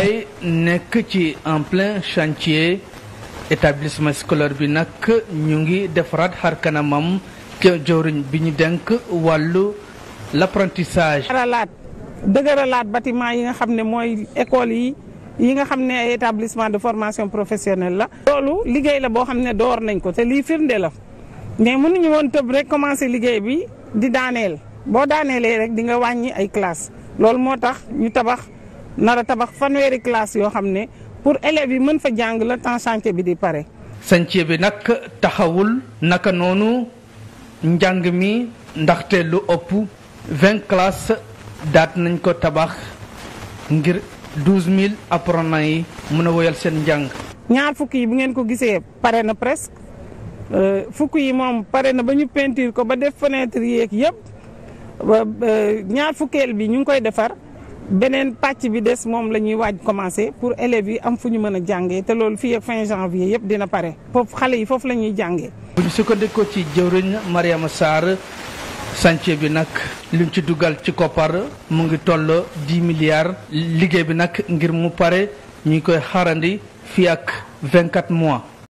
Ndiaye nekk ci en plein chantier établissement scolaire bi nag ñu ngi defaraat xar kanamam ca jawriñ bi ñu denk wàllu l'apprentissage. dëgëralaat dëgëralaat bâtiment yi nga xam ne mooy école yi yi nga xam ne ay établissement de formation professionnelle la. loolu liggéey la boo xam ne door nañ ko te lii firnde la mais mënuñu woon tëb rek commencer liggéey bi di daaneel boo daaneelee rek di wàññi ay classe loolu moo tax ñu tabax. nara tabax fanweeri classe yoo xam ne pour élèves yi mën fa jàng la temps chantier bi di pare. chantier bi nag taxawul naka noonu njàng mi ndaxte lu ëpp vingt classes dat nañ ko tabax ngir douze mille apprenants yi mën a woyal seen njàng. ñaar fukk yi bu ngeen ko gisee pare na presque euh, fukk yi moom pare na ba ñu peinture ko ba def fenêtre yeeg yëpp ñaar fukkeel bi ñu ngi koy defar. beneen pàcc bi des moom la ñuy waaj commencé pour élèves yi am fu ñu mën a jàngee te loolu fii ak fin janvier yëpp dina pare foofu xale yi foofu lañuy jànge bu ñu sukkandikoo ci jëwriñ Mariama Sarr chantier bi nag liñ ci dugal ci koppar mu ngi toll 10 milliards liggéey bi nag ngir mu pare ñu ngi koy xaarandi fii ak 24 mois.